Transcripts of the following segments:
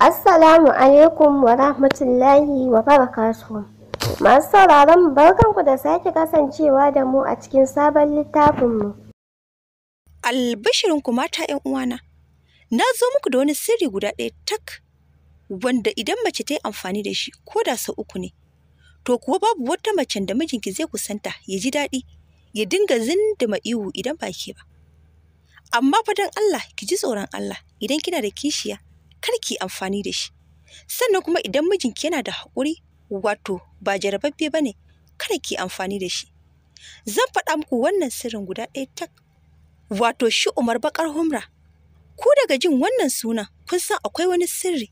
Assalamu alaikum wa rahmatullahi wa barakatuh. Masu sauraron barkanku da sake kasancewa da mu a cikin sabon littafinmu. Albishirinku mata ‘yan uwana, na zo muku da wani sirri guda ɗaya tak, wanda idan mace ta yi amfani da shi ko da sau uku ne, to kuwa babu wata mace da mijinki zai kusanta ya ji daɗi, ya dinga zindima ihu idan ba ke ba. Amma fa fadan Allah, ki ji tsoron Allah idan kina da kishiya. kar ki amfani da shi sannan kuma idan mijinki yana da haƙuri wato ba jarababbe ba ne kar ki amfani da shi zan faɗa muku wannan sirrin guda ɗaya tak wato shi umar bakar humra ku daga jin wannan suna kun san akwai wani sirri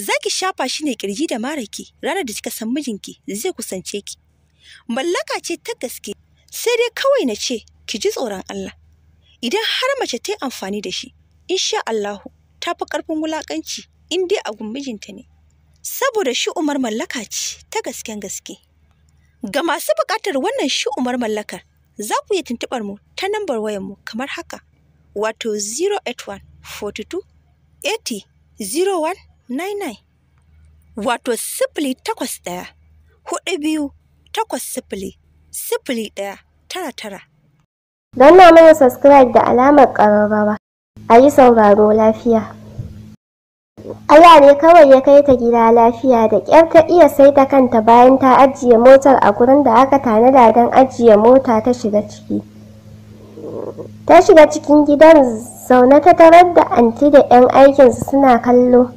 za ki shafa shi ne kirji da maraki ranar da kika san mijinki zai kusance ki mallaka ce ta gaske sai dai kawai na ce ki ji tsoron Allah idan har mace ta yi amfani da shi insha Allahu ta fi ƙarfin wulaƙanci in dai a mijinta ne. Saboda shi umar mallaka ce ta gasken gaske. Ga masu buƙatar wannan shi umar mallakar, za ku iya tuntuɓar mu ta nambar wayar mu kamar haka, wato 081 42 80 wato sifili takwas ɗaya hudu biyu takwas sifili ɗaya tara tara. Don na mana subscribe da alamar ƙararrawa. a yi sauraro lafiya allah ne kawai ya kai ta gida lafiya da ƙyar ta iya sai ta kanta bayan ta ajiye motar a gurin da aka tanada don ajiye mota ta shiga ciki. Ta shiga cikin gidan zaune ta tarar da anti da 'yan aikinsu suna kallo.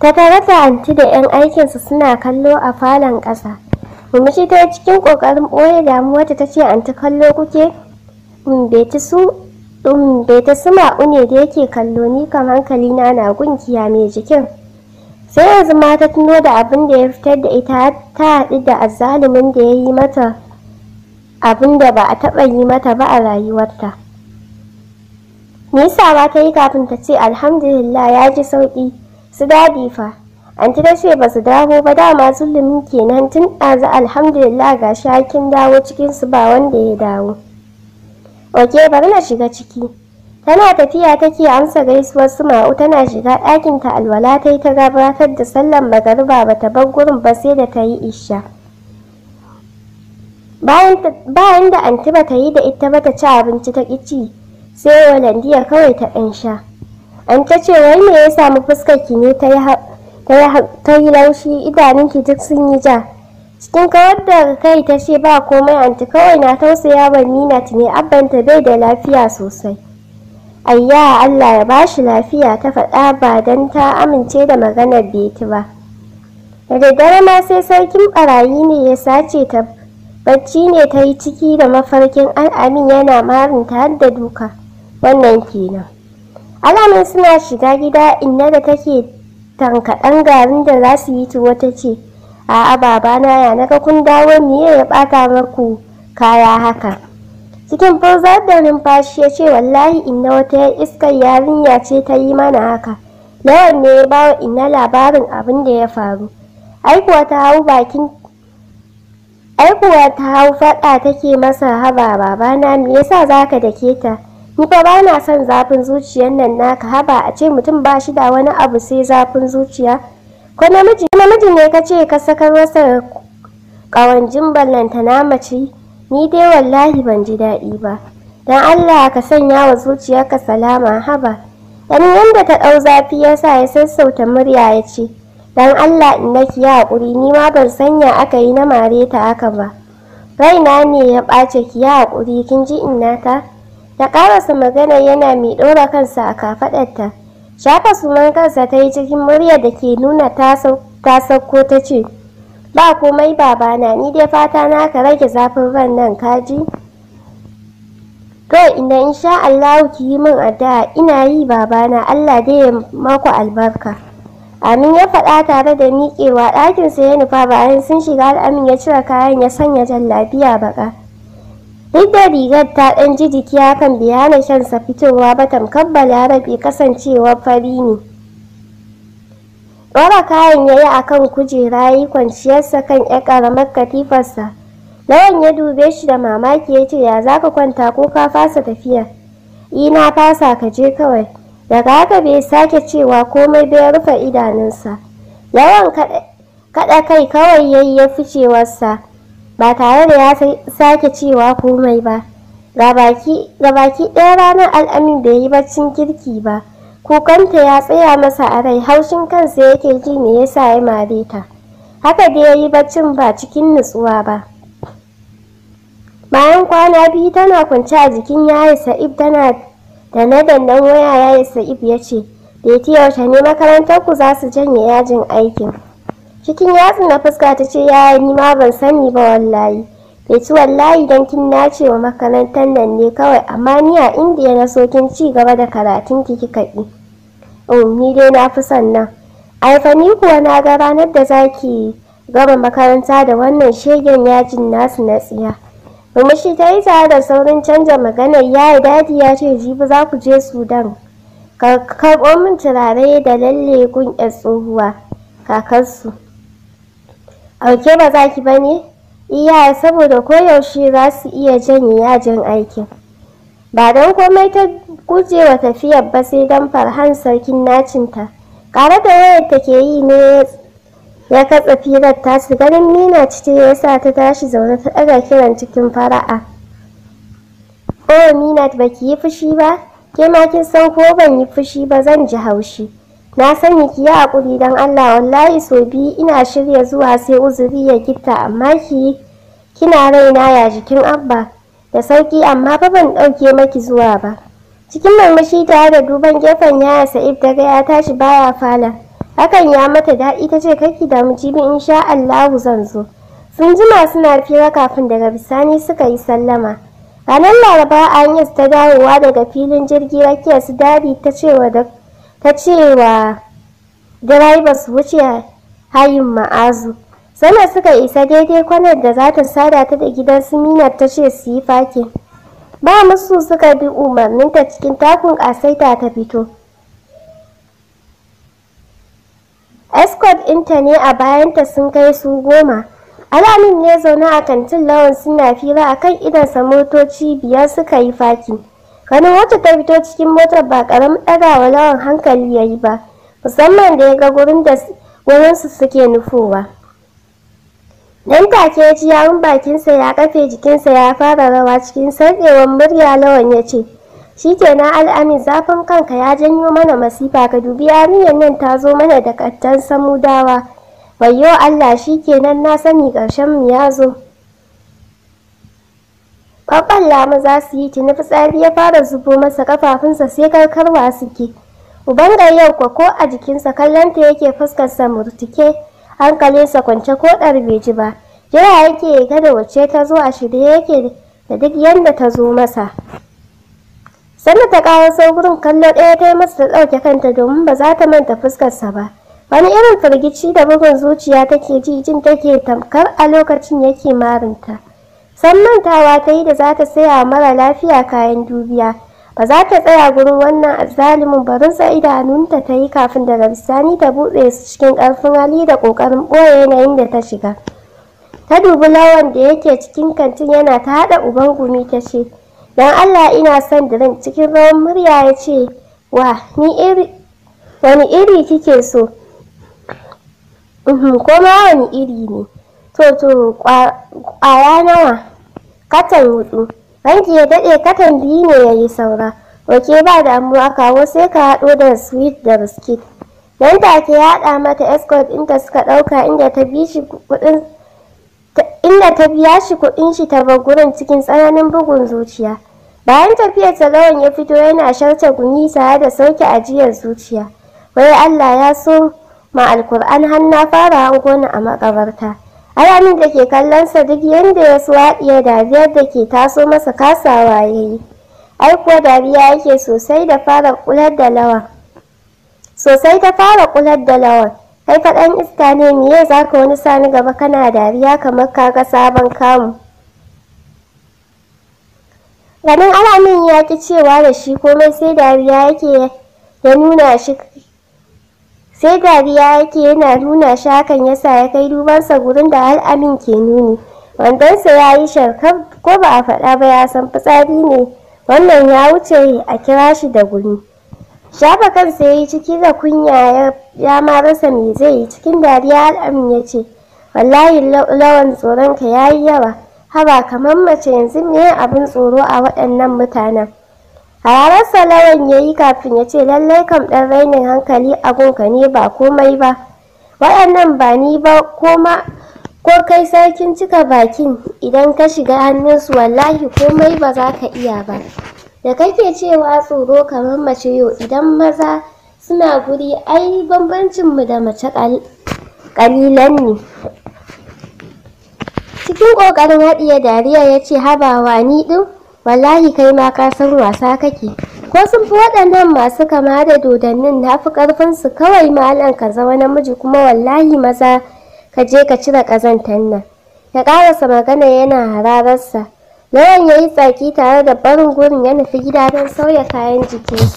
Ta tarar da anti da 'yan aikinsu suna kallo a falon ƙasa. Murmushi ta cikin ƙoƙarin ɓoye damuwarta ta ce anti kallo kuke? ta mm, su Ɗumbe bai ta suma ne da yake kallo ni kan hankali na na gunkiya mai jikin. Sai yanzu ma ta tuno da abin da ya fitar da ita ta haɗu da azzalumin da ya yi mata abin da ba a taɓa yi mata ba a rayuwarta. Nisa ba ta yi kafin ta ce alhamdulillah ya ji sauƙi su dadi fa. Anti ta ce ba su dawo ba dama zulumin kenan tun ɗazu alhamdulillah ga shakin dawo cikinsu ba wanda ya dawo. Oke bari na shiga ciki. Tana tafiya take amsa gaisuwar su ma'u tana shiga ɗakin ta alwala ta yi ta gabatar da sallan magariba ba ta bar gurin ba sai da ta yi isha. Bayan da anti ba ta yi da ita ba ta ci abinci ta ci sai walandiya kawai ta ɗan sha. An ta ce wai me ya samu fuskarki ne ta yi laushi idanunki duk sun yi ja. cikin kawar da kai ta ce ba komai anti kawai na tausaya wa minat ne abbanta bai da lafiya sosai ayya allah ya bashi lafiya ta faɗa ba don ta amince da maganar beti ba da dare ma sai sarkin barayi ne ya sace ta bacci ne ta yi ciki da mafarkin al'amin yana marinta har da duka wannan kenan alamin suna shiga gida inna da take tankaɗan garin da za su yi tuwo ta ce a'a babana ya naga kun dawo miye ya bata maku kaya haka cikin furzar da numfashi ya ce wallahi inna wata iskar yarinya ce ta yi mana haka lawan ne ya bawa inna labarin abin da ya faru aikuwa ta hau bakin aikuwa ta hau faɗa take masa haba babana me yasa zaka dake ta ni fa ba na son zafin zuciyar nan naka haba a ce mutum ba shi da wani abu sai zafin zuciya ko namiji namiji ne ka ce ka sakar masa ƙawanjin ballanta ta namaci? ni dai wallahi ban ji daɗi ba don allah ka sanya wa zuciyarka salama haba dan yadda ta ɗau zafi ya sa ya sassauta murya ya ce don allah in naki ya haƙuri ni ma ban sanya aka yi na mare ta aka ba raina ne ya ɓace ki ya haƙuri kin ji innata ta ƙarasa magana yana mai ɗora kansa a kafaɗarta shafa suman kansa ta yi cikin murya da ke nuna ta sauko ta ce ba komai babana ni dai fata na ka rage zafin ran nan kaji to inda sha Allahu ki yi min addu'a ina yi babana Allah dai ya maku albarka Amin ya faɗa tare da miƙewa ɗakinsa ya nufa bayan sun shiga al'amin ya cire kayan ya sanya jallabiya baƙa. duk da rigar ta ɗan ji jiki hakan bai hana shansa fitowa ba tamkar bai kasancewar fari ne ɗora kayan ya yi a kan kujera ya yi kwanciyarsa kan ya ƙaramar katifarsa lawan ya dube shi da mamaki ya ce ya za ka kwanta ko ka fasa tafiya ina fasa ka je kawai daga haka bai sake cewa komai bai rufe idanunsa Yawan kaɗa kai kawai ya yi ya ficewarsa ba tare da ya sake cewa komai ba ga baki ɗaya ranar al'amin bai yi baccin kirki ba kukanta ya tsaya masa a rai haushin kansa yake ji me sa ya mare ta haka da ya yi baccin ba cikin nutsuwa ba bayan kwana biyu tana kwance a jikin yayi sa'ib tana da na dandan waya yayi sa'ib ya ce da yaushe ne makarantar ku za su janye yajin aikin cikin yatsun na fuska ta ce yaya ni ma ban sani ba wallahi bai ci wallahi don kin nace wa makarantar nan ne kawai amma ni a indiya na so kin ci gaba da karatun ki kika ɗi oh ni dai na fi son nan ai fa ni kuwa na ga ranar da zaki gama makaranta da wannan shegen yajin nasu na tsiya murmushi ta yi tare da saurin canza maganar yi dadi ya ce jibi za ku je sudan ka karɓo min turare da lalle gun tsohuwa kakarsu auke ba zaki ba ne iya saboda koyaushe za su iya janye yajin aikin ba don komai ta guje wa tafiyar ba sai don farhan sarkin nacinta ƙara da wayar ta ke yi ne ya katsa firar su ganin nina cikin ya sa ta tashi zaune ta ɗaga kiran cikin fara'a oh nina ba ki yi fushi ba ke ma kin san ko ban yi fushi ba zan ji haushi na sani ki yi haƙuri don Allah wallahi so biyu ina shirya zuwa sai uzuri ya gitta amma ki kina raina ya jikin abba da sauki amma fa ban ɗauke maki zuwa ba cikin murmushi tare da duban gefen yaya sa'ib daga ya tashi baya fala hakan ya mata daɗi ta ce kaki da mu jibi sha Allahu zan zo sun jima suna fira kafin daga bisani suka yi sallama ranar laraba an yi ta dawowa daga filin jirgi rakiyar su dadi ta cewa da ta cewa direba su wuce hayin ma'azu sannan suka isa daidai kwanar da za ta sada ta da gidan su minar ta ce su yi fakin ba musu suka bi umarninta cikin takun ƙasaita ta fito escort ɗinta ne a bayanta sun kai su goma alamin ne zaune a kantin lawan suna fira kan idansa motoci biyar suka yi fakin Wani wata ta fito cikin motar ba karamin ɗagawa lawan hankali ya yi ba musamman da ya ga gurin da wurinsu suke nufowa dan take ya ci yawon bakinsa ya kafe jikinsa ya fara rawa cikin sarƙewar murya lawan ya ce shi na al'amin zafin kanka ya janyo mana masifa ka dubi yarinyar nan ta zo mana da kattan samudawa Wayo Allah shi nan na sani ƙarshen mu ya zo Ƙwaƙwan Lamu za su yi tuni fitsari ya fara zubo masa ƙafafunsa sai karkarwa suke. Uban gayyar ko a jikinsa kallonta yake fuskarsa murtuke, hankalinsa kwance ko ɗar bai ji ba. Jira yake da wacce ta zo a shirye yake da duk yadda ta zo masa. Sannan ta kawo saurin kallo ɗaya ta yi masa ta ɗauke kanta domin ba za ta manta fuskarsa ba. Wani irin firgici da bugun zuciya take ji jin take tamkar a lokacin yake marinta. san mantawa ta yi da za ta saya mara lafiya kayan dubiya ba za ta tsaya gurin wannan azzalumin ba. sa idanunta ta yi kafin daga bisani ta buɗe su cikin ƙarfin hali da ƙoƙarin ɓoye yanayin da ta shiga ta dubi lawan da yake cikin kantin yana ta haɗa uban gumi ta ce don allah ina son drink cikin rawan murya ya ce wa ni iri wani iri kike so uhm, ko ma wani iri ne to to ƙwaya nawa katan hudu ranki ya daɗe katan biyu ne ya yi saura wake ba damuwa kawo sai ka haɗo da sweet da biskit nan take ya haɗa mata escort inda suka ɗauka inda ta bi shi kuɗin inda ta biya shi kuɗin shi ta bar gurin cikin tsananin bugun zuciya bayan tafiyar lawan ya fito yana sharta gumi tare da sauke ajiyar zuciya wai Allah ya so ma alkur'an har na fara hangona a makabarta alamin da ke kallonsa duk yadda ya so haɗiye dariyar da ke taso masa kasawa ya yi ai kuwa dariya yake sosai da fara kular da lawan sosai ta fara kular da lawa kai faɗan iska ne miye za ka wani sani gaba kana dariya kamar ka ga sabon kamu ganin alamin ya ki cewa da shi komai sai dariya yake ya nuna shi sai dariya yake yana nuna shakan hakan yasa ya kai dubansa gurin da al'amin ke nuni wandonsa ya yi sharkar ko ba a faɗa ba ya san fitsari ne wannan ya wuce a kira shi da guri shafa kansa ya yi ciki da kunya ya ma rasa me zai yi cikin dariya al'amin ya ce wallahi lawan tsoronka ya yi yawa haba kamar mace yanzu me abin tsoro a waɗannan mutanen Hararar salawan ya yi kafin ya ce lallai kam ɗan rainin hankali a gunka ne ba komai ba. Waɗannan ba ni ba koma ko kai sarkin cika bakin idan ka shiga hannunsu wallahi komai ba za ka iya ba. Da kake cewa tsoro kamar mace yau idan maza suna guri ai bambancinmu da mace ƙalilan ne. Cikin ƙoƙarin haɗiye dariya ya ce habawa ni ɗin wallahi kai ma ka san wasa kake ko sun fi waɗannan masu kama da dodannin na fi ƙarfinsu kawai malam ka zama namiji kuma wallahi maza ka je ka cire ƙazantar nan ya ƙarasa magana yana hararsa Lawan ya yi tsaki tare da barin gurin ya nufi gida don sauya kayan jikinsu.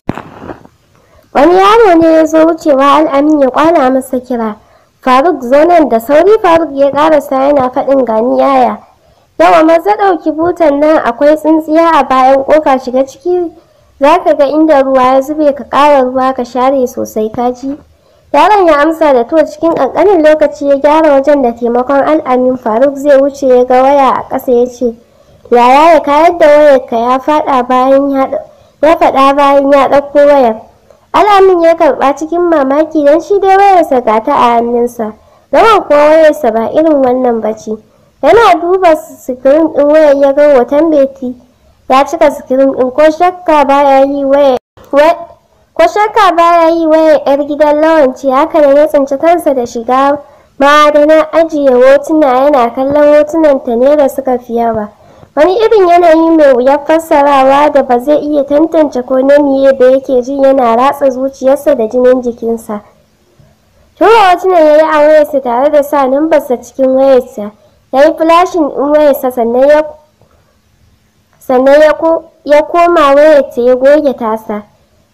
Wani yaro ne ya zo wucewa al'amin ya kwana masa kira. Faruk zo da sauri Faruk ya ƙarasa yana faɗin gani yaya. yawa maza ɗauki butan nan akwai tsintsiya a bayan ƙofa shiga ciki za ka ga inda ruwa ya zube ka ƙara ruwa ka share sosai kaji yaron ya amsa da to cikin ƙanƙanin lokaci ya gyara wajen da taimakon al'amin faruk zai wuce ya ga waya a ƙasa ya ce yaya ya kayar da wayarka ya faɗa bayan ya faɗa bayan ya ɗauko wayar al'amin ya karɓa cikin mamaki don shi dai wayarsa ga ta a hannunsa zaman kuwa wayarsa ba irin wannan ba ce yana duba sikirin ɗin waya ya ga watan beti ya cika sikirin ɗin ko shakka baya yi wayar yi waya yar gidan lawanci haka ne ya tsinci kansa da shiga ma'adanan ajiye hotuna yana kallon hotunan ta ne da suka fi yawa wani irin yanayi mai wuyar fassarawa da ba zai iya tantance ko na miye da yake ji yana ratsa zuciyarsa da jinin jikinsa tura hotunan ya yi a wayarsa tare da sa numbarsa cikin wayarsa ya yi flashin in wayarsa sannan ya ya koma wayarta ya goge tasa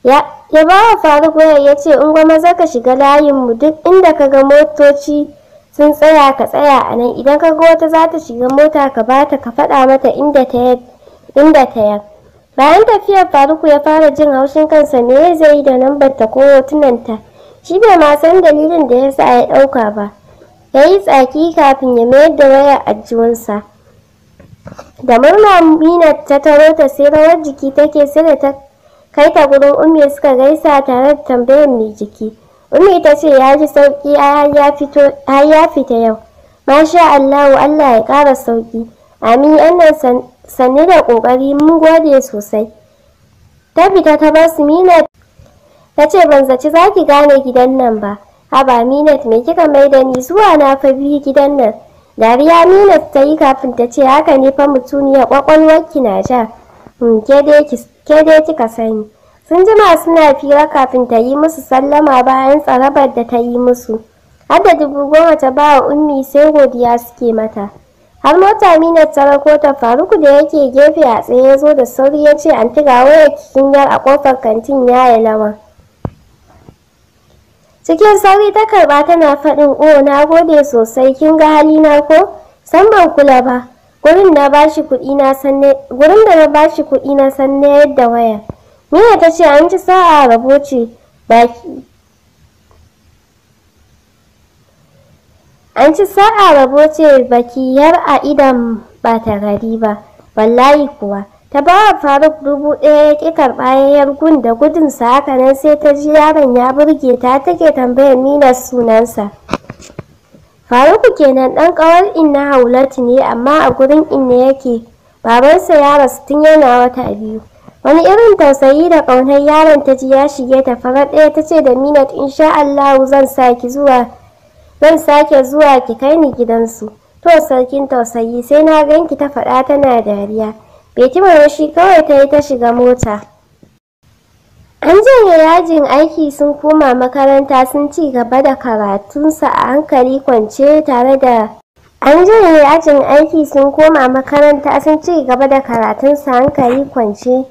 ya ba wa faruk wayar ya ce in gwamna za ka shiga layinmu duk inda ka ga motoci sun tsaya ka tsaya a nan idan ka ga wata za ta shiga mota ka ba ta ka faɗa mata inda ta inda bayan tafiyar faruku ya fara jin haushin kansa me zai yi da lambar ta ko hotunanta shi bai ma dalilin da ya sa ya ɗauka ba ya yi tsaki kafin ya mayar da wayar ajiyunsa da murna mina ta taro ta sai rawar jiki take sai da ta kai ta gurin ummi suka gaisa tare da tambayar mai jiki ummi ta ce ya ji sauki har ya fita yau masha allahu allah ya ƙara sauki amin annan sanni da ƙoƙari mun gode sosai ta fita ta ba su mina ta ce ban zaci za ki gane gidan nan ba Haba Minat me kika mai da ni zuwa na fa biyu gidan nan. Dariya Minat ta yi kafin ta ce haka ne fa mutuniya kwakwalwarki na ja. Hmm, ke dai kika sani. Sun jima suna fira kafin ta yi musu sallama bayan tsarabar da ta yi musu. Har da dubu goma ta ba wa ummi sai godiya suke mata. Har mota Minat ta rako ta faruku da yake gefe a tsaye ya da sauri ya ce an tiga wayar kikin yar a kofar kantin yi lawan. Cikin sauri ta karba tana faɗin o oh, na gode sosai kin ga halina ko? San ban kula ba. Gurin da na ba shi kuɗi na san na yadda waya. Miya ta ce an ci sa'a rabo ce baki. An ci sa'a rabo ce baki yar a idan ba ta gari ba. Wallahi kuwa. ta ba faruk dubu ɗaya ya ƙi karɓa ya gun da gudunsa haka nan sai ta ji yaron ya burge ta take tambayar nina sunansa faruku kenan ɗan ƙawar inna haulatu ne amma a gurin inna yake babansa ya rasu tun yana wata biyu wani irin tausayi da ƙaunar yaron ta ji ya shige ta farar ɗaya ta ce da minat insha allahu zan sake zuwa zan sake zuwa ki kai ni gidansu to sarkin tausayi sai na ganki ta faɗa tana dariya bai ji kawai ta yi ta shiga mota an janye yajin aiki sun koma makaranta sun ci gaba da karatunsa a hankali kwance tare da an janye yajin aiki sun koma makaranta sun ci gaba da karatunsa a hankali kwance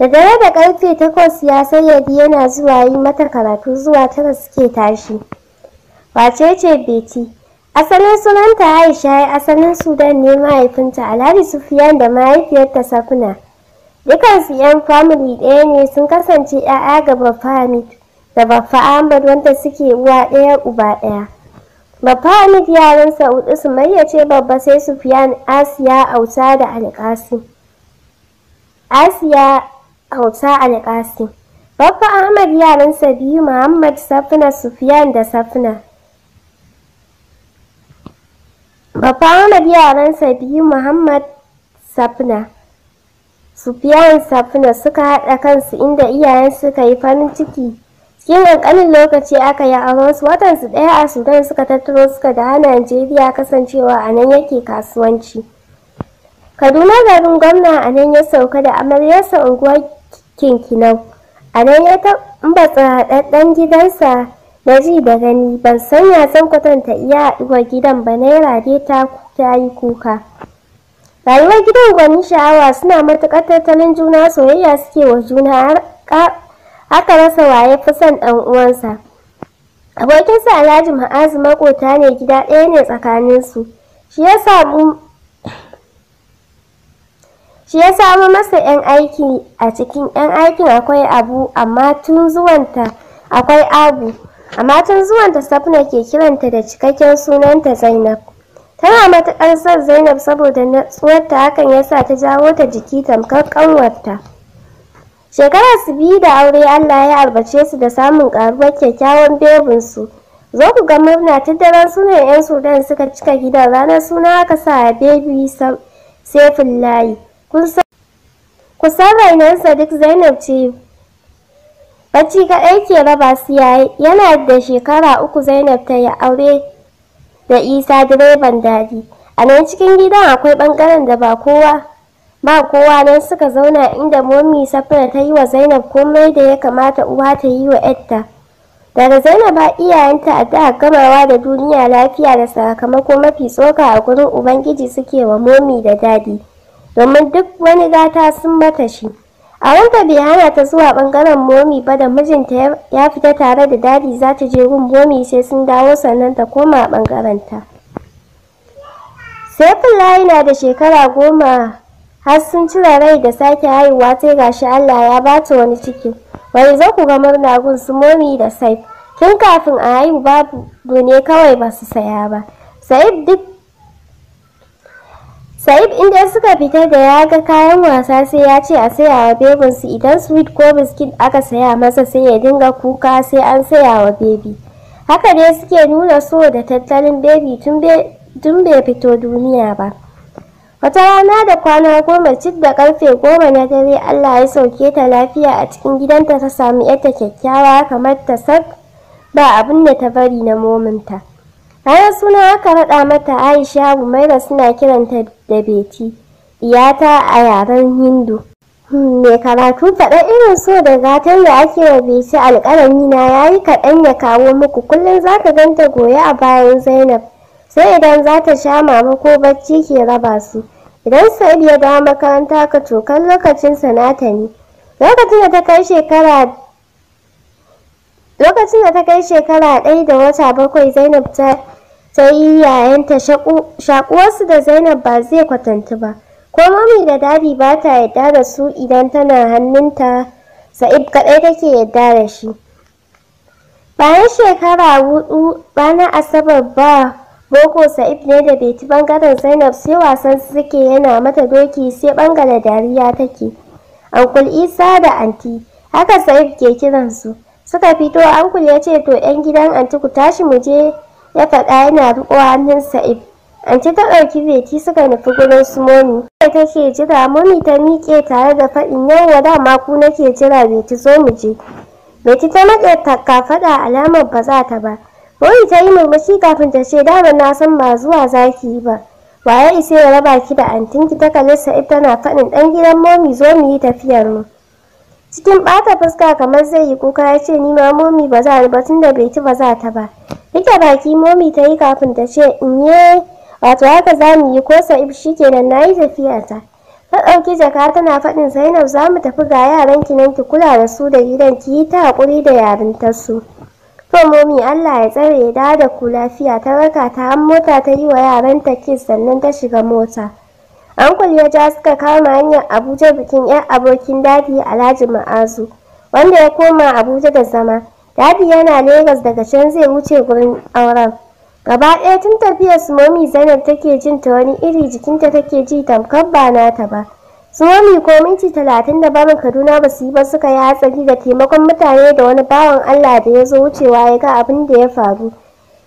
da dare da karfe takwas ya sayyadi yana zuwa yi mata karatu zuwa tara suke tashi wace ce beti Asalin sunanta Aisha ya asalin Sudan ne mahaifinta Alhaji Sufiyan da mahaifiyarta Safina. Dukansu 'yan famili ɗaya ne sun kasance 'ya'ya ga Baffa da Baffa Ahmad wanda suke uwa ɗaya uba ɗaya. Baffa Hamid yaran Sa'udu Sumayya ce babba sai Sufiyan Asiya Auta da Alƙasi. Asiya Baffa Ahmad yaransa biyu Muhammad Safina Sufiyan da Safina. Bafa Ahmad yaran biyu Muhammad Safna. Sufiyan Safna suka haɗa kansu inda iyayen suka yi farin ciki. Cikin ƙanƙanin lokaci aka yi auren su watansu ɗaya a Sudan suka tattaro suka da hana Najeriya kasancewa a nan yake kasuwanci. Kaduna garin gwamna a nan ya sauka da amaryarsa unguwar Kinkinau. A nan ya taɓa haɗaɗɗen gidansa na ji da gani ban san ya san kwatanta iya haɗuwar gidan ba naira dai ta yi kuka rayuwar gidan gwani sha'awa suna matuƙar tattalin juna soyayya suke wa juna har aka rasa waye fi son ɗan uwansa abokinsa alhaji ma'azu makota ne gida ɗaya ne tsakaninsu shi ya samu shi ya samu masa 'yan aiki a cikin 'yan aikin akwai abu amma tun zuwanta akwai abu amma tun zuwanta Safna ke kiranta da cikakken sunanta Zainab. Tana matuƙar son Zainab saboda natsuwarta hakan ya sa ta jawo ta jiki tamkar ƙanwarta. Shekara su biyu da aure Allah ya albace su da samun ƙaruwar kyakkyawan bebinsu. Zo ku ga murna tun daren sunan 'yan Sudan suka cika gidan ranar suna aka sa a bebi sefin layi. Kusan rainarsa duk Zainab ce Bacci kaɗai ke raba su yayi yana da shekara uku Zainab ta yi aure da Isa direban daɗi. A nan cikin gidan akwai ɓangaren da ba kowa ba kowa nan suka zauna inda momi safira ta yi wa Zainab komai da ya kamata uwa ta yi wa yarta. Daga Zainab ba iyayenta a da gamawa da duniya lafiya da sakamako mafi tsoka a gurin Ubangiji suke wa momi da dadi, domin duk wani gata sun mata shi. A ranka bai hana ta zuwa ɓangaren momi ba da mijinta ya fita tare da dadi za ta je gun momi sai sun dawo sannan ta koma ɓangarenta. Saifullahi na da shekara goma har sun cire rai da sake haihuwa sai gashi Allah ya ba ta wani ciki. Wani za ku ga murna gun su momi da Saif. Tun kafin a haihu babu ne kawai ba su saya ba. Saif duk Sa'id inda suka fita da ya ga kayan wasa sai ya ce a saya wa bebinsu idan sweet ko biskit aka saya masa sai ya dinga kuka sai an saya wa bebi. Haka ne suke nuna so da tattalin bebi tun bai fito duniya ba. Wata rana da kwana goma cik da karfe goma na dare Allah ya sauke ta lafiya a cikin gidanta ta samu yadda kyakkyawa kamar ta sak ba abin da ta bari na mominta. Bayan suna aka raɗa mata Aisha Umaira suna kiranta da Beti, iyata a yaren Hindu. Hmm, mai karatu faɗa irin so da gatar da ake wa Beti alƙalami na ya yi kaɗan ya kawo muku kullum za ka ganta goya a bayan Zainab. Sai idan za ta sha mama ko bacci ke raba su. Idan Sa'id ya dawo makaranta ka cokar lokacin sanata ne. Lokacin da ta kai shekara lokacin da ta kai shekara ɗaya da wata bakwai zainab ta ta yi yayanta shaƙuwarsu da zainab ba zai kwatantu ba ko mami da dadi ba ta yadda da su idan tana hannunta sa'id kaɗai take yadda da shi bayan shekara hudu na asabar ba boko sa'id ne da beti bangaren zainab sai wasan suke yana mata doki sai ɓangare dariya take ankul isa da anti haka sa'id ke kiransu Suka fito ankul ya ce to 'yan gidan anti ku tashi mu je ya faɗa yana riƙo hannun Sa'id. Anti ta ɗauki beti suka nufi gurin su Momi. ta take jira Momi ta miƙe tare da faɗin yawwa dama ku nake jira beti zo mu je. Beti ta ka faɗa, alamar ba za ta ba. Momi ta yi murmushi kafin ta ce dama na san ba zuwa zaki yi ba. Waye isa ya raba ki da antinki ta kalli Sa'id tana faɗin ɗan gidan Momi zo mu yi tafiyar mu. cikin ɓata fuska kamar zai yi kuka ya ce ni ma momi ba za ba tunda bai ci ba za ta ba rike baki momi ta yi kafin ta ce inye wato haka za mu yi ko sa'ib shi kenan na yi tafiyata ta ɗauki jaka tana faɗin zainab za mu tafi ga yaran ki nan ki kula da su da gidan ki yi ta haƙuri da yarintarsu to momi allah ya tsare ya da ku lafiya ta raka ta an mota ta yi wa yaranta kis sannan ta shiga mota Ankul ya ja suka kama hanyar Abuja bikin 'yan abokin dadi Alhaji Ma'azu, wanda ya koma Abuja da zama. Dadi yana Legas daga can zai wuce gurin auren. Gaba ɗaya tun tafiyar su Momi Zainab take jin ta wani iri jikinta take ji tamkar ba nata ba. Su Momi ko minti talatin da barin Kaduna ba su yi ba suka yi hatsari da taimakon mutane da wani bawan Allah da ya zo wucewa ya ga abin da ya faru.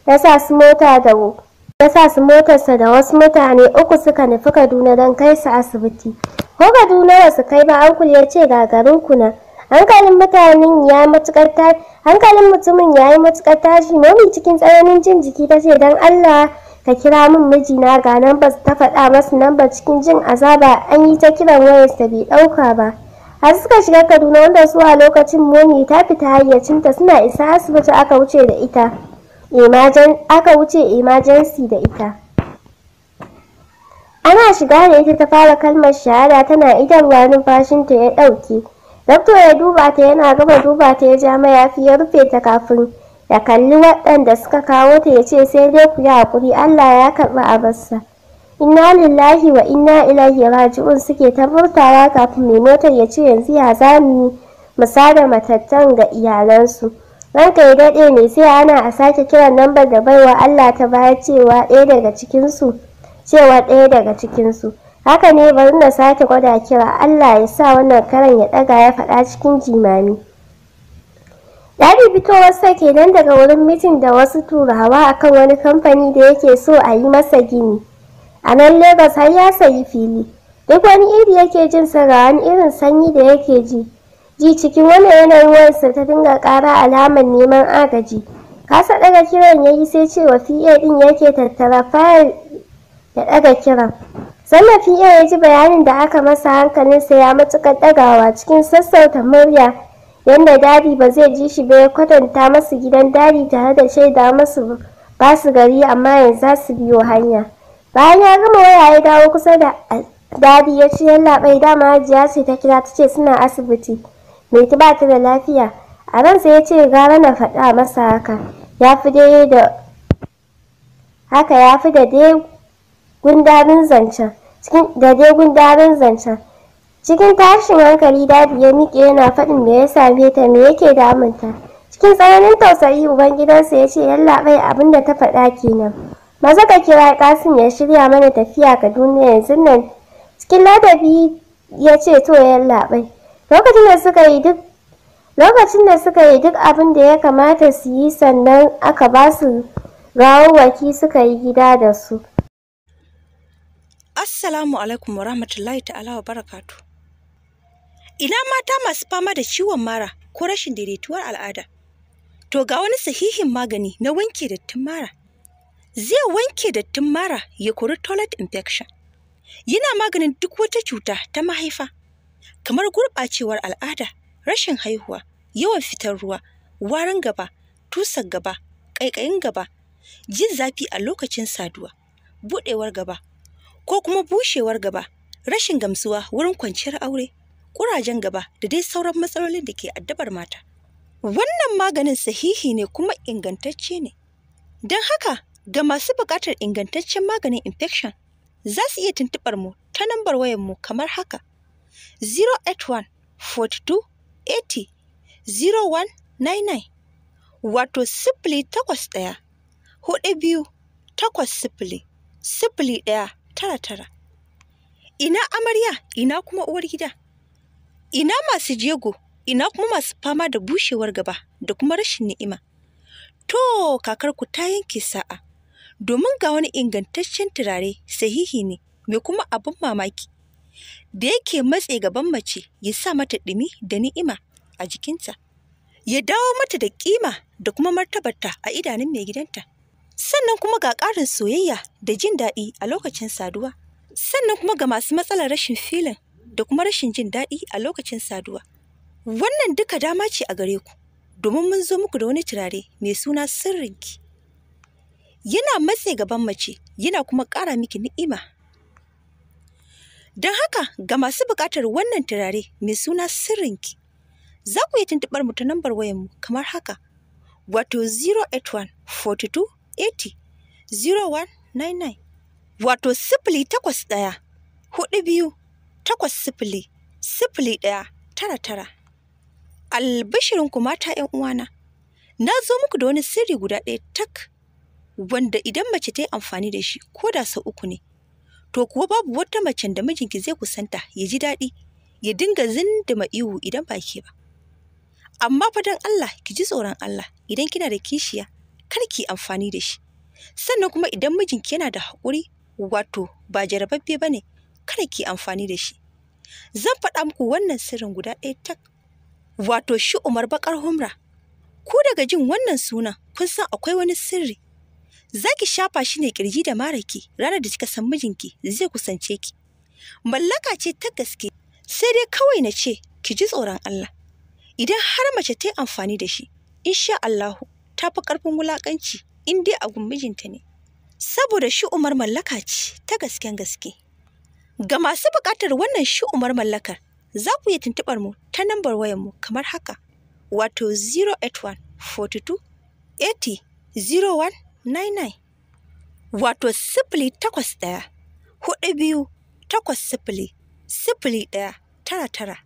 Ya sa su mota da wo. ya sa su motarsa da wasu mutane uku suka nufi Kaduna don kai su asibiti. Ko Kaduna ba su kai ba ankul ya ce ga garin kuna. Hankalin mutanen ya matukar hankalin mutumin ya yi matukar tashi mami cikin tsananin jin jiki ta ce don Allah ka kira min mijina ga nan ba ta faɗa masu nan ba cikin jin azaba an yi ta kiran wayarsa bai ɗauka ba. har suka shiga kaduna wanda zuwa lokacin moni ta fita hayyacinta suna isa asibiti aka wuce da ita aka wuce imajensi da ita ana shiga da ita ta fara kalmar shahada tana idarwa numfashinta ya ɗauke Doktor ya duba ta yana gama duba ta ya ja mayafi ya rufe ta kafin ya kalli waɗanda suka kawo ta ya ce sai dai ku yi haƙuri Allah ya karɓi abarsa. Inna lillahi wa inna ilaihi raji'un suke ta furtawa kafin mai motar ya ce yanzu ya zamu mu sada matattan ga iyalansu. ranka ya daɗe ne sai ana a sake kiran lambar da baiwa Allah ta baya cewa ɗaya daga cikinsu cewa ɗaya daga cikinsu haka ne bari na sake gwada kira Allah ya sa wannan karan ya ɗaga ya faɗa cikin jimami fitowar sa kenan daga wurin mitin da wasu turawa akan wani kamfani da yake so a yi masa gini. A nan Legas har ya sayi fili. Duk wani iri yake jin sa ga wani irin sanyi da yake ji. ji cikin wani yanayin wansa ta dinga ƙara alamar neman agaji kasa ɗaga kiran ya yi sai cewa fiye ɗin yake tattara fayil ya ɗaga kiran sannan fiye ya ji bayanin da aka masa hankalinsa ya matukar ɗagawa cikin sassauta murya yadda dadi ba zai ji shi ba ya kwatanta masu gidan dadi tare da shaida masu ba su gari amma yanzu za su biyo hanya bayan ya gama waya ya dawo kusa da dadi ya ce yallaɓai dama hajiya sai ta kira ta ce suna asibiti Binti ba ta da lafiya. A ransa ya ce gara na faɗa masa haka. Ya fi da haka ya fi da dai gundarin zancen. Cikin tashin hankali dadi ya miƙe yana faɗin me ya same ta me yake damunta. Cikin tsananin tausayi ubangidansa ya ce yallaɓai abin da ta faɗa kenan. Maza ka kira Kasim ya shirya mana tafiya duniya, yanzu nan. Cikin ladabi ya ce to yallaɓai. lokacin da suka yi duk lokacin da suka yi duk abin da ya kamata su yi sannan aka ba su gawawwaki suka yi gida da su assalamu alaikum warahmatullahi ta'ala wa barakatu ina mata masu fama da ciwon mara ko rashin daidaituwar al'ada to ga wani sahihin magani na wanke dattin mara zai wanke dattin mara ya kori toilet infection yana maganin duk wata cuta ta mahaifa kamar gurɓacewar al'ada, rashin haihuwa, yawan fitar ruwa, warin gaba, tusar gaba, ƙaiƙayin gaba, jin zafi a lokacin saduwa, buɗewar gaba, ko kuma bushewar gaba, rashin gamsuwa wurin kwanciyar aure, ƙurajen gaba da dai sauran matsalolin da ke addabar mata. Wannan maganin sahihi ne kuma ingantacce ne. Don haka, ga masu buƙatar ingantaccen maganin infection, za su iya tuntuɓar mu ta nambar wayar mu kamar haka. 081 42 80 0199 wato sifili takwas ɗaya hudu biyu takwas sifili sifili ɗaya tara tara ina amarya ina kuma uwar gida ina masu jego ina kuma masu fama da bushewar gaba da kuma rashin ni'ima to kakarku ta yanke sa'a domin ga wani ingantaccen turare sahihi ne mai kuma abin mamaki da yake matse gaban mace ya sa mata ɗumi da ni'ima a jikinta, ya dawo mata da ƙima da kuma martabarta a idanun mai gidanta. Sannan kuma ga ƙarin soyayya da jin daɗi a lokacin saduwa. Sannan kuma ga masu matsalar rashin filin da kuma rashin jin daɗi a lokacin saduwa. Wannan duka dama ce a gare ku, domin mun zo muku da wani turare mai suna sirrinki. Yana matse gaban mace, yana kuma ƙara miki ni'ima Don haka ga masu buƙatar wannan turare mai suna sirrinki, za ku yi tuntuɓar mu ta nambar wayanmu kamar haka, wato 081-42-80-0199, wato sifili takwas ɗaya, huɗu biyu, takwas sifili, sifili ɗaya, tara tara. Albashirinku mata ‘yan uwana, na zo muku da wani sirri guda ɗaya tak, wanda idan mace ta yi amfani da shi ko da sau uku ne. to kuwa babu wata macen da mijinki zai kusanta ya ji daɗi ya dinga zinduma ihu idan ba ke ba amma fa Allah ki ji tsoron Allah idan kina da kishiya kar ki amfani da shi sannan kuma idan mijinki yana da haƙuri wato ba jarababbe bane kar ki amfani da shi zan faɗa muku wannan sirrin guda ɗaya tak wato shi Umar Bakar Humra ku daga jin wannan sunan kun san akwai wani sirri zaki shafa shi ne kirji da maraki ranar da kika san mijinki zai kusance ki. Mallaka ce ta gaske, sai dai kawai na ce ki ji tsoron Allah. Idan har mace ta yi amfani da shi, insha Allahu ta fi ƙarfin wulaƙanci in dai a mijinta ne. Saboda shi umar mallaka ce ta gasken gaske. Ga masu buƙatar wannan shi umar mallakar, za ku iya tuntuɓar mu ta nambar mu kamar haka, wato 081 42 80 01 99 wato sifili takwas ɗaya hudu biyu takwas sifili sifili ɗaya tara tara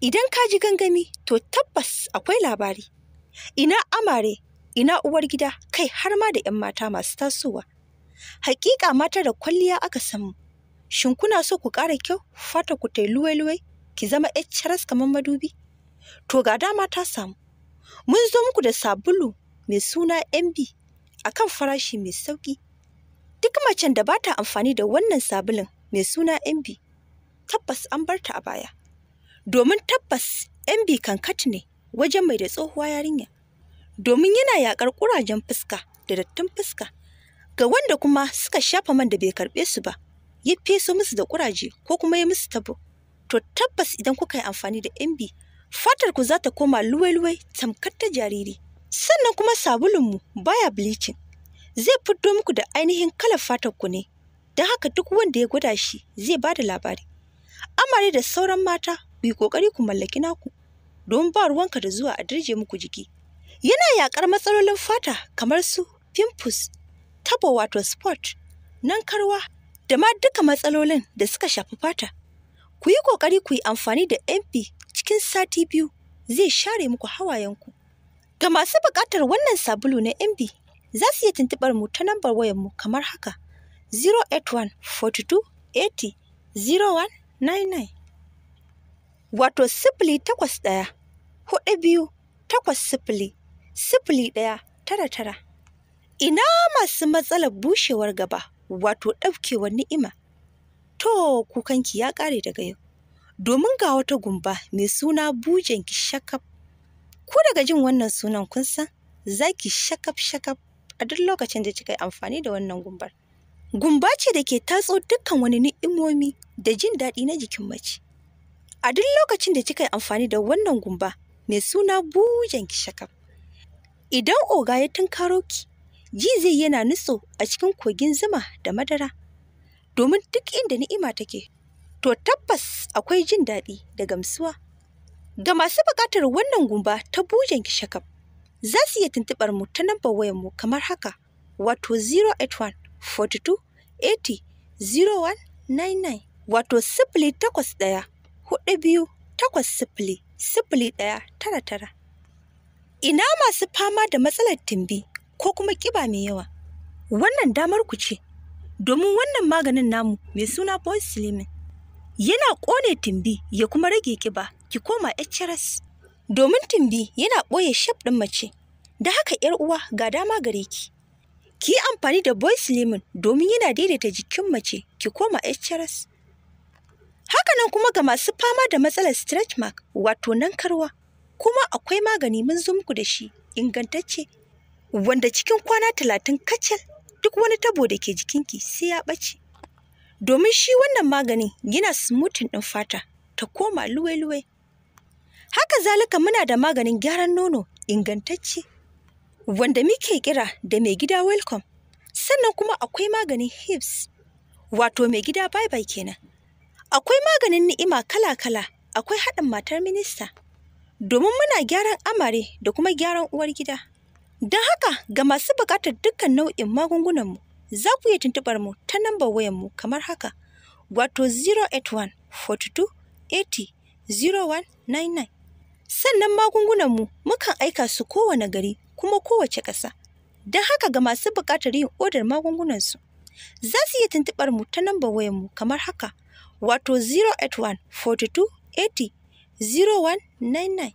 idan ka ji gangami to tabbas akwai labari ina amare ina uwar gida kai har ma da 'yan mata masu tasowa hakika mata da kwalliya aka samu shin kuna so ku ƙara kyau fata ku ta luwai-luwai ki zama HRS kamar madubi to ga dama ta samu mun zo muku da sabulu mai suna MB akan farashi mai sauƙi. Duk macen da ba ta amfani da wannan sabulun mai suna MB, tabbas an bar ta a baya. Domin tabbas MB kankat ne wajen mai da tsohuwa yarinya. Domin yana yaƙar kurajen fuska da dattin fuska. Ga wanda kuma suka shafa man da bai karɓe su ba, ya feso musu da kuraje ko kuma ya musu tabo. To tabbas idan kuka yi amfani da MB, fatar ku za ta koma luwai-luwai tamkar ta jariri. sannan kuma sabulunmu baya bleaching zai fito muku da ainihin kalar fatar ku ne don haka duk wanda ya gwada shi zai ba da labari amare da sauran mata ku yi kokari ku mallaki naku don ba ruwanka da zuwa a dirje muku jiki yana yaƙar matsalolin fata kamar su pimples tabo wato spot nankarwa da ma duka matsalolin da suka shafi fata ku yi kokari ku yi amfani da mp cikin sati biyu zai share muku hawayenku Ga masu buƙatar wannan sabulu na MB, za su iya tuntuɓar mu ta nambar wayarmu kamar haka: 081 42 wato sifili takwas ɗaya hudu biyu takwas sifili sifili ɗaya tara tara ina masu matsalar bushewar gaba wato ɗaukewar ni'ima to kukanki ya ƙare daga yau domin ga wata gumba mai suna bujen ki shakaf Ko daga jin wannan sunan kun san za ki shakaf-shakaf a duk lokacin da kika yi amfani da wannan gumbar. Gumba ce da ke tatso dukkan wani ni'imomi da jin daɗi na jikin mace. A duk lokacin da kika yi amfani da wannan gumba mai suna bujen ki shakaf. Idan oga ya tunkaro ki, ji zai yana nutso a cikin kogin zuma da madara. Domin duk inda ni'ima take, to tabbas akwai jin daɗi da gamsuwa Ga masu buƙatar wannan gumba ta bujen gishakaf, za su iya tuntuɓar mu ta nambar wayar mu kamar haka, wato 081 42 80 0199 wato 081 42 80 0199. Ina masu fama da matsalar tumbi ko kuma ƙiba mai yawa, wannan damar ku ce, domin wannan maganin namu mai suna Boy Slimin. yana ƙone tumbi ya kuma rage ƙiba ki koma HRS domin tumbi yana ɓoye shaf ɗin mace. Da haka ‘yar uwa ga dama gare ki. Ki yi amfani da boys lemon domin yana daidaita jikin mace ki koma HRS. Hakanan kuma ga masu fama da matsalar stretch mark wato nan karwa, kuma akwai magani mun zumku muku da shi ingantacce wanda cikin kwana talatin kacal duk wani tabo da ke jikinki sai ya ɓace. Domin shi wannan magani yana smoothing ɗin fata ta koma luwe-luwe Haka zalika muna da maganin gyaran nono ingantacce wanda muke kira da mai gida welcome. Sannan kuma akwai maganin hips wato mai gida bye bye kenan. Akwai maganin ni'ima kala-kala, akwai haɗin matar minista. Domin muna gyaran amare da kuma gyaran uwar gida. Don haka ga masu buƙatar dukkan nau'in magungunanmu za ku iya tuntuɓar mu ta nambar wayanmu kamar haka wato 081 42 80 0199. sannan magungunanmu mukan aika su kowane gari kuma kowace ƙasa don haka ga masu buƙatar yin odar magungunansu za su iya tuntuɓar mu ta nambar wayarmu kamar haka wato 081 42 80 0199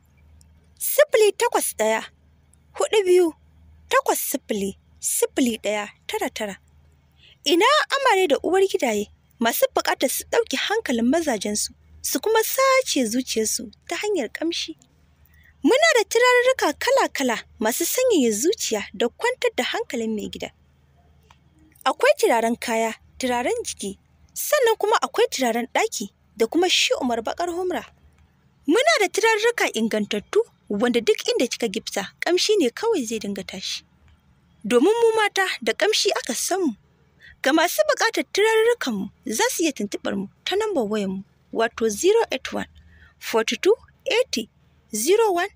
sifili takwas ɗaya hudu biyu takwas sifili sifili ɗaya tara tara ina amare da uwar gidaye masu buƙatar su ɗauki hankalin mazajensu su kuma sace zuciyarsu ta hanyar ƙamshi Muna da turarurruka kala-kala masu sanyaya zuciya da kwantar da hankalin mai gida. Akwai turaren kaya, turaren jiki, sannan kuma akwai turaren ɗaki da kuma shi umar bakar humra. Muna da turarurruka ingantattu wanda duk inda kika gipsa ƙamshi ne kawai zai dinga tashi. Domin mu mata da ƙamshi aka san Ga masu buƙatar mu za su iya tuntuɓar mu ta nambar mu wato 081 42 80 0199